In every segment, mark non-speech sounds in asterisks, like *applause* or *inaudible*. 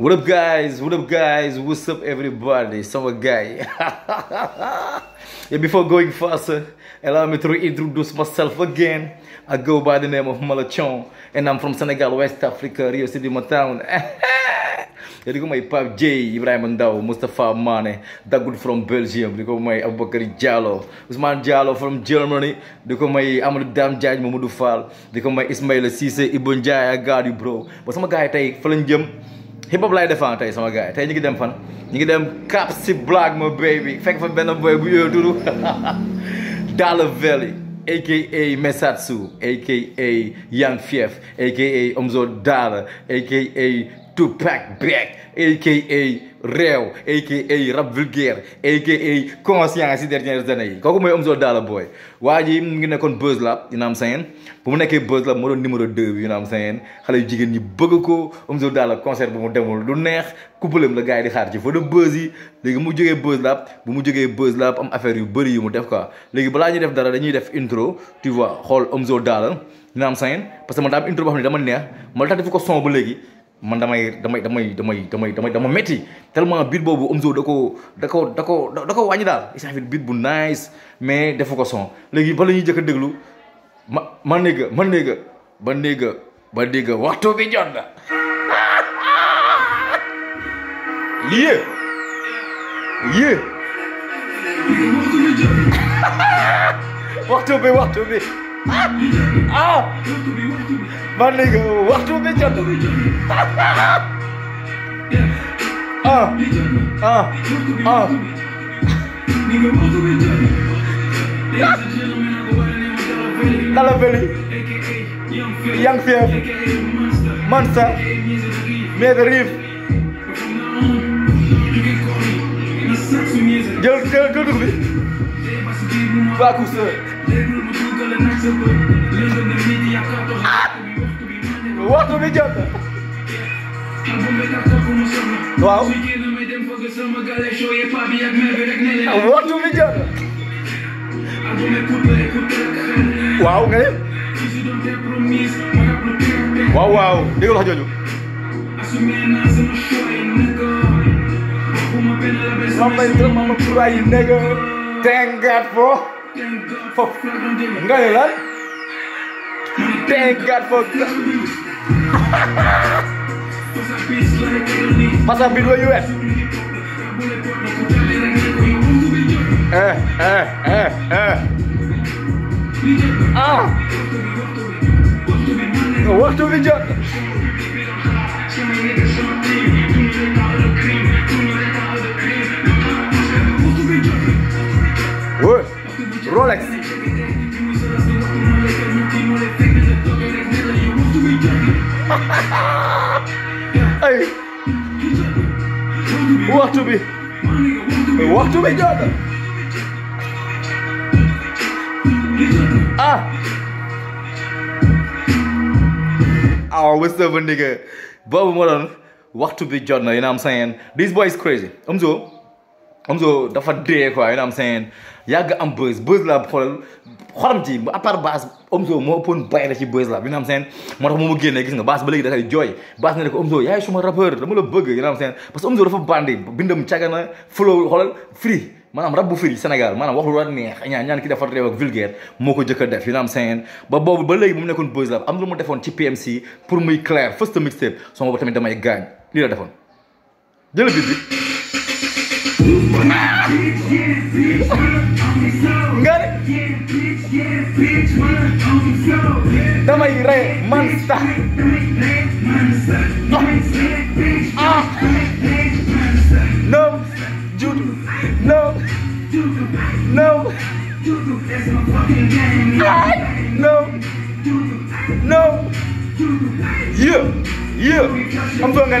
What up guys? What up guys? What's up everybody? Some guy. yeah, before going faster, allow me to introduce myself again. I go by the name of Malachon and I'm from Senegal, West Africa, Rio City, my town. Jadi ko may J, Ibrahim Ndaw, Mustafa Mane, Dagoud from Belgium, di ko may Aboubakar Diallo, Ousmane from Germany, di ko may Amadou Dame Diagne Mamadou Fall, di ko my Ismail Cissé, Ibou Ndiaye, I got you bro. But some guy take tey hip-hop lay defaan tay sama gars tay ñi ngi dem fan ñi ngi dem Cap si Black ma baby fekk fa benn boy bu yooyu tudd *laughs* Dalla Valley aka Mesatsu aka Young Fief aka Omzo Dollar aka Tupac Back aka réew aka rap vulgaire aka conscience si dernières années yi kooku mooy Omzo Dollar Boy waa ji mu ngi nekkoon Buzz Lab yu naam sayeen bu mu nekkee Buzz Lab moo doon numéro 2 bi naam sayeen xale yu jigéen ñi bëgg ko Omzo Dollar concert bu mu demul du neex couplem la gars di xaar ci fa de buzz yi léegi mu jógee Buzz Lab bu mu jógee Buzz Lab am affaire yu bëri yu mu def quoi léegi balaa ñuy def dara dañuy def intro tu vois xool Omzo Dollar yu naam sayeen parce que daa am intro boo xam ma tax def ko son ba léegi man damay damay damay damay damay damay dama metti tellement beat bobu Omzo dako Daku, daku, daku, daku dal isa fi bu nice mais defu ko son legui ba lañu jëk deglu man déglu man ma ba néega ba waktu waxtu bi jot ye waxtu bi waxtu bi ah! My nigga, walk to bitch up. Uh, uh, ah! uh. Ah! Nigga, ah! walk to a bitch up. There's a gentleman out the way named Dollar Billy. AKA Young Fear. Monster. Made the reef. Gel gel gel dur bir. Bak usta. waxtu bi jot waaw waxtu bi jot waaw nga waaw waaw dégg nga wax jooju somebody took my pride nigga thank god for for enggak ya lan thank God for God pasang US eh eh eh eh ah oh, waktu bijak Woi. Rolex. *laughs* hey. What to be? What to be John. Ah. Oh, what's up, nigga? Bob Modern, what to be Jordan, you know what I'm saying? This boy is crazy. I'm um, so, I'm um, so, that's a day, you know what I'm saying? yàgg am buzz buzz laa xoolal xorom mu ba léegi dafay jooy baas ne ko Omzo yaay suma rappeur dama la bëgg yi nga xam seen a def yu naam seen ba boobu ba léegi defoon ci PMC pour muy clair first mixtape soo boobu tamit damay gaañ lii la defoon damay ah. ah. no no no no no yeah yeah am so nga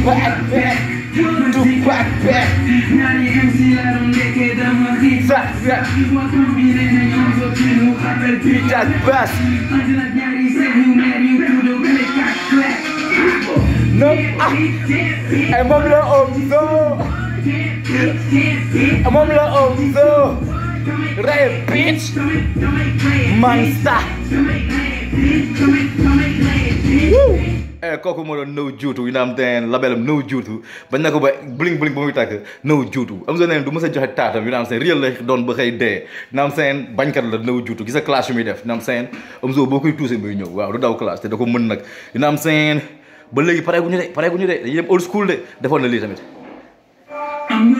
back back to back back يعني امسي لهم لك دم خفيف زح زح وكبير انا يوم زوجين وقبل بيتات بس اجلد ناري سهو ناري وكله كلك كاك كلاك No, ah, I'm on the obzo. I'm on the obzo. Right, bitch. Monster. Woo. Eh, kooku moo doon nëw juutu yu naam teen labelam nëw juutu bañ na ko ba bling bling ba muy tàkk nëw juutu am so neen du mës a joxe taatam yu naam seen réel la doon ba xëy dee naam seen bañkat la nëw juutu gis a classe yu muy def yu naam seen am so boo koy tuuse muy ñëw waaw du daw classe te da ko mën nag yu naam seen ba léegi pare guñu de pare guñu de dañuy dem old school de defoon na lii tamit am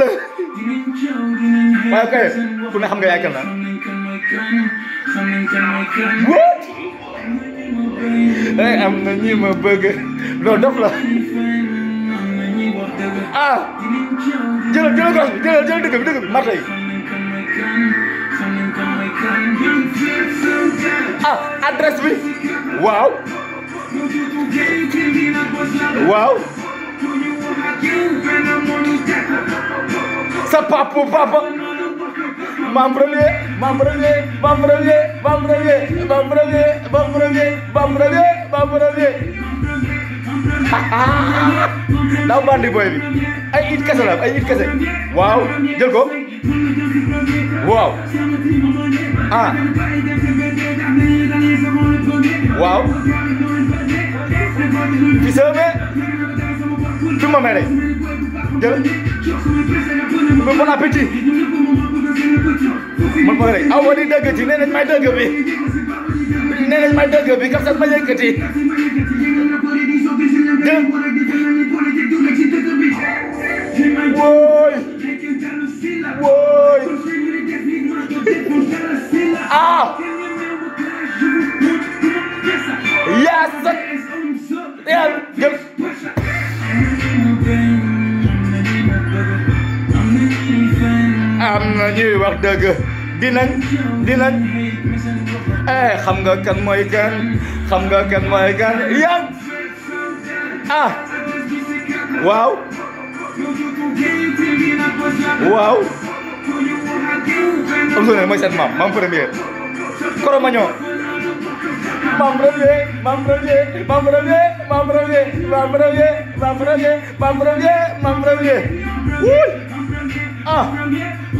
la waaye kay ku ne xam nga yaay hey eh, am na ñi ma bëgg non daf la ah jëlal jëlal gos bi jëlal jëlal dëgg bi dëgg bi mata ah, bi waaw waaw sa papa papa Mam premier, mam premier, mam premier, mam premier, mam premier, mam premier, mam premier, mam premier. Ndaw bandi boy bi ay it kese la ay it kese waaw jël ko waaw ah waaw fi sama me fi ma mere jël bon appétit man ma rek aw ma di dëgg ci nee nañ may dëgg bi nee nañ may dëgg bi kaf sax ma yëkkati dëgg dinañ dinañ eh xam nga kan mooy kan xam nga kan mooy kan yan ah waaw waaw am mooy seen maam maam premier koro ma ñoo maam premier maam premier maam premier maam premier maam premier maam premier ah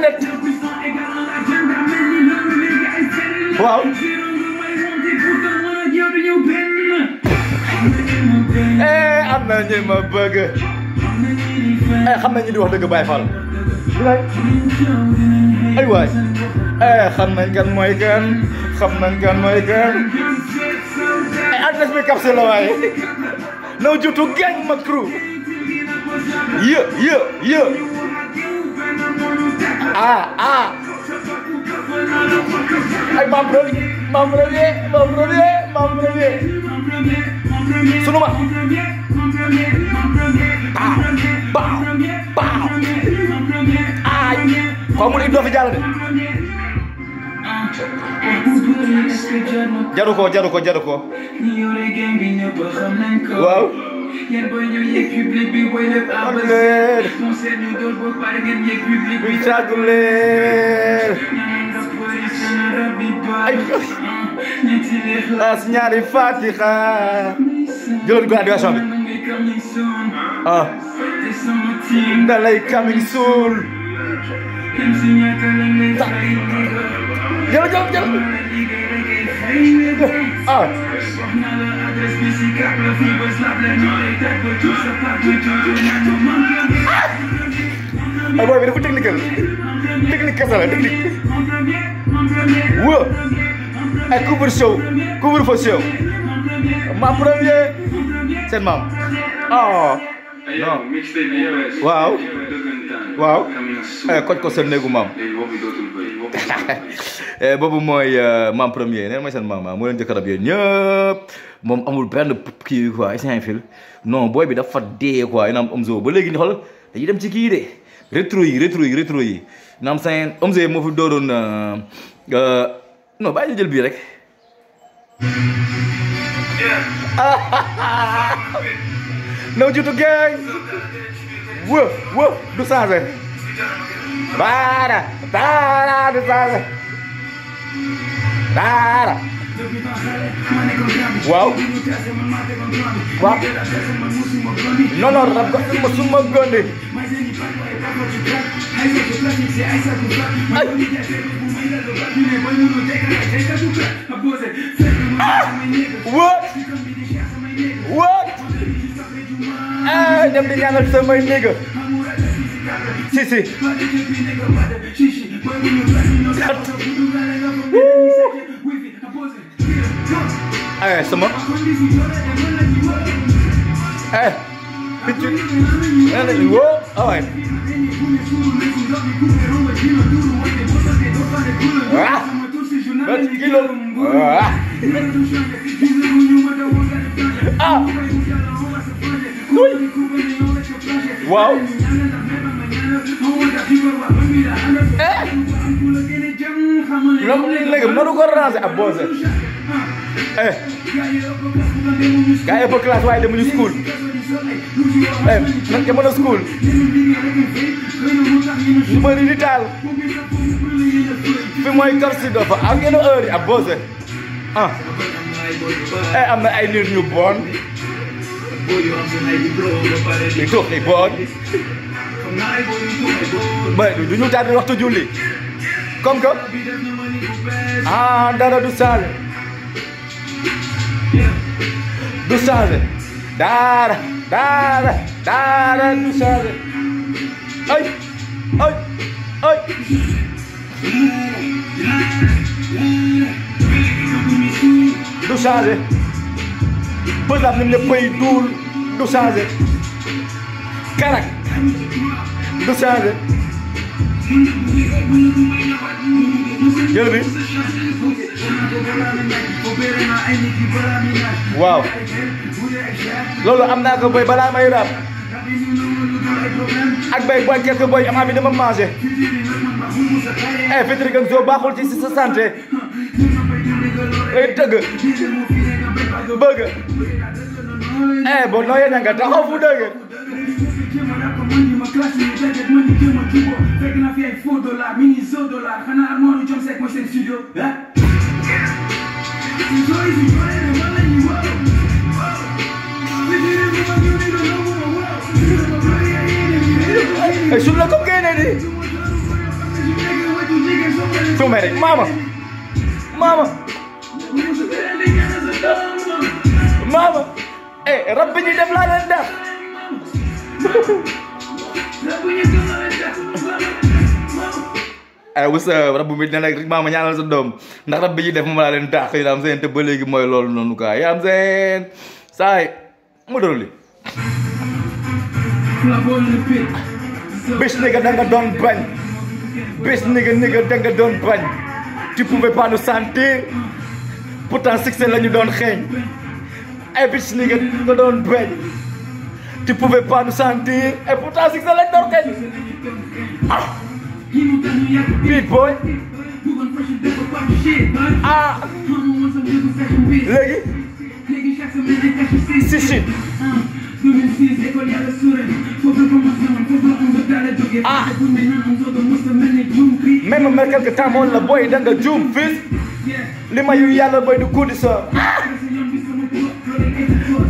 net waaw ee eh, am na ñu ma bëgg ee eh, xam na ñu di wax dëgg Baye Fall ay waay ee eh, xam nañ kan mooy kan xam nañ kan mooy kan ee adresse bi kapse la waaye now jutu gang ma crew yë yë yë Ah, ah. ay maam premier maam premier maam premier maam premier. sunu ma. ah baaw baaw. ay koo mu ne doo fi jàll de. jaru ko jaru ko jaru ko. waaw. ngeen booy ñëw yéeg public bi booy lépp à bës. moom seen ñu dóor boo pare ngeen yéeg public bi. càggu leer. ah si ñaari fatiha. jëloon ko animation jërëjëf jërëjëf ah. ah booy bi dafa technique technique kese la technique. wóo ay couvre show couvre feu show ma premier seen maam ah non waaw. waaw koj ko seen néegu maam boobu mooy maam premier neen mooy seen maam moo leen jëkk rab yooyu ñëpp moom amul benn kii quoi instant fil non booy bi dafa dee quoi ina am Omzo ba léegi ni xool dañuy dem ci kii de rétro yi rétro yi rétro yi na am seen Omzo moo fi dooroon non bàyyi ñu jël bii rek now you to gang Whoa, whoa, do Sanzé. Para, para, do Sanzé. Para. Wow. Wow. No, no, rap ko mo suma gani. Ah! What? What? Ah, dah pinjangan sama ini ke. Sisi. si Eh, semua. Eh, picu. Eh, ada dua. Awan. Oh, eh. Ah. Berapa Ah. ah. waaw. Eh. loolu léegi mënu ko ranger ab bonze. eh. gars yi ëpp classe waaye demuñu school. eh nag jamono school. ñu bëri di taal. fi mooy Kër Sido fa ak yenn heure yi ab bonze. ah eh am na ay nit ñu bon di tuux di bon ba du ñu jaar di waxtu julli comme que ah dara du saale du saale dara dara dara du saale ay ay ay du changé bësaat nañ léppay duul du changé karak du changé jël waaw loolu am naa ko booy balaa may raab ak bay booy quelque booy amaa bi dama mangé eh fitri baaxul ci sa santé tëgg bëgg eh boo nooyee na nga taxaw fu dëgg e suuf la comme génne di su mere maama maama ربني دم لا ندم ay wasa rabbu mi dina rek ma ñaanal sa doom ndax rab bi def moom laa leen dàq yi am seen te ba am mu li bis nigga da nga bañ bis nigga nigga da nga bañ tu pouvais pas nous sentir pourtant succès la Epic sendiri kedon ben di pube Sandi reputasi eh, selektor kan ah big boy ah lagi si, ah memang mereka ketamuan leboy dan gejum fis lima yu ya leboy dukudisa ah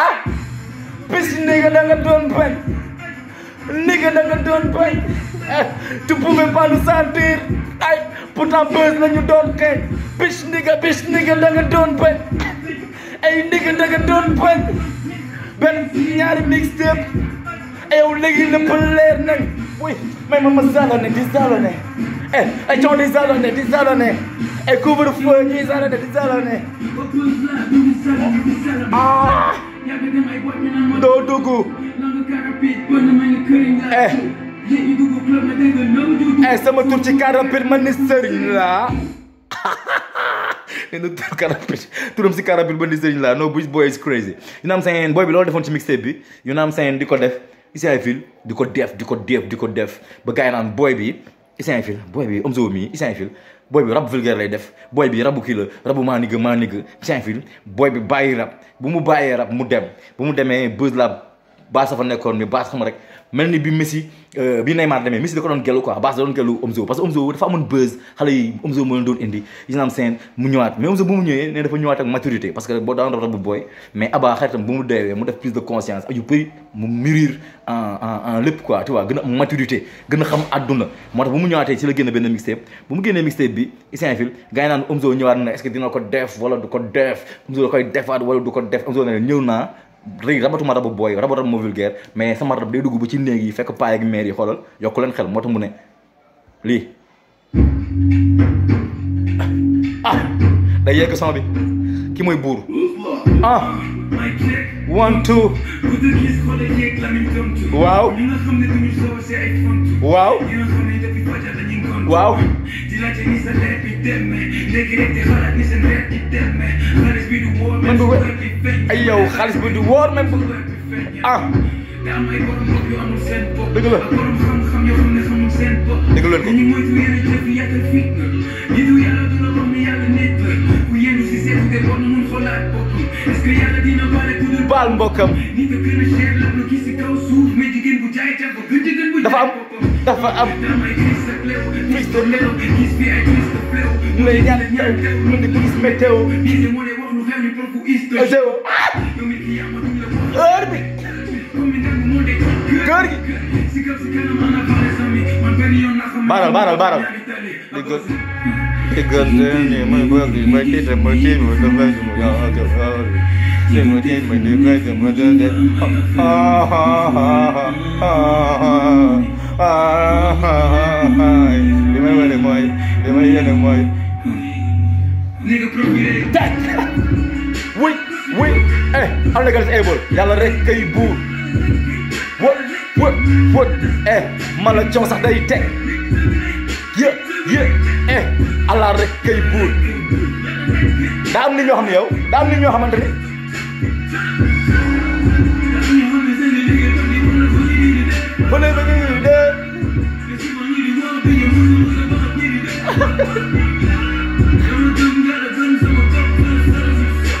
ah Bitch, nigga da eh, don't bañ nigga don't don't nga To bañ me, pouvais pas nous sentir ay pourtant bés la ñu doon xeeñ Bitch, nigga bitch, nigga da don't bañ ay nigga don't don't nga doon bañ benn ñaari mixtape yow léegi lépp leer nag oui may ma ma zalone di zalone eh ay coow di zalone di zalone ay couvre-feu di sànni. ah. doo eh. eh, sama tur ci car rapide man ni sëriñ laa. *laughs* ne na tur car rapide turam si car rapide man ni laa no bu boy is crazy. yu naam seen boy bi loolu defoon ci mixtape bi yu naam seen di ko def Issa Fil di ko def di ko def di ko def ba gars yi naan boy bi Issa Fil boy bi Omzo mi Issa Fil. booy bi rab vulgaire lay def booy bi rabu kii la rabu maa nigga maa nigga tiens fil booy bi bàyyi rab bu mu bàyyee rab mu dem bu mu demee buzz la Baas dafa nekkoon mais Baas xam rek mel ni bi Messi euh, bi Neymar demee Messi da ko doon gelu quoi Baas da doon gelu Omzo parce que Omzo dafa amoon gën a a xam àdduna moo mu ñëwaatee ci la génn benn mixtape bu mu génnee mixtape bi Issainville ñëw naa léegi rabatuma rabu booy rabu rabu mais sama rab day dugg ba ci néeg yi fekk paay ak mère yi xoolal yokk leen xel moo tax mu ne lii ah day yegg son bi ki mooy buur ah one two. waaw. waaw. waaw. man bu ay yow xaalis bi du wóor même ah. dëgg la. dëgg la ko. baal mbokkam dafa am dafa am mister lay ñaan taw mu ngi gis météo météo heure bi kër gi baaral baaral baaral thì gần đây thì mới vương ờ, thì mới chết rồi mới chết mới tâm vang thì mới đau kiểu đau thì mới chết mới đi về thì mới đến đến ha ha ha ha ha ha thì mới về được mày thì mới yên được mày Wait, wait, eh, I'm not gonna able. Y'all are ready, boo. What, what, what, eh, malah jauh sadai dek. Yeah, yeah, eh, allah rek kay buur daa am nit ñoo xam ne yow daa am nit ñoo xamante ni bële ba ñu ngi dee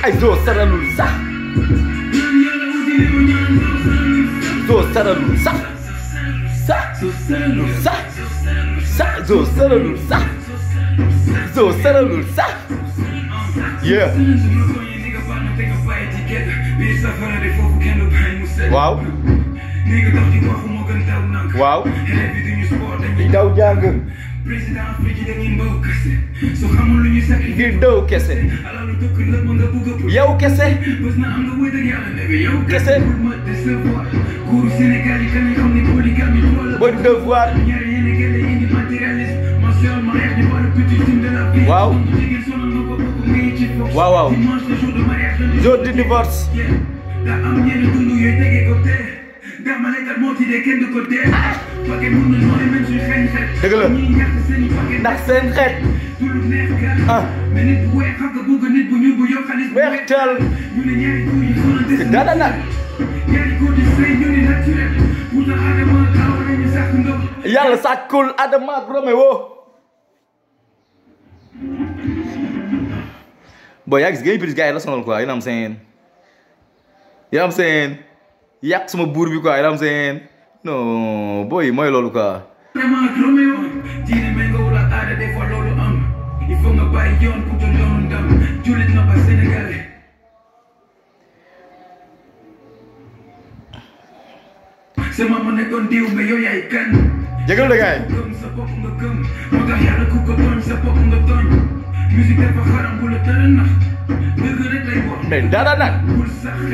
ay doo saralul sax doo saralul sax sax sax sax doo saralul sax so saralul sax yeah waaw waaw di daw jàng ngir daw kese yow kese kese bon devoir waaw waaw waaw jour du divorce dëgg la ndax seen xeet ah weex teel si a nag yàlla sàkkul Adama ak Roméo booy yaa gis nga plus gars yi la sonal quoi you know what I'm saying you know what I'm yàq sama buur bi quoi you know what I'm booy mooy loolu quoi. il faut nga bàyyi yoon ku jël yoonu ndam jullit nga ba Sénégal. sama mu nekkoon diw mais yow yaay kan. jégalu de gars yi. sapık ılıkım O da yarı kukatın sapık ılıkın Müzikte bakarım bulutların Degretle bu Ben daranak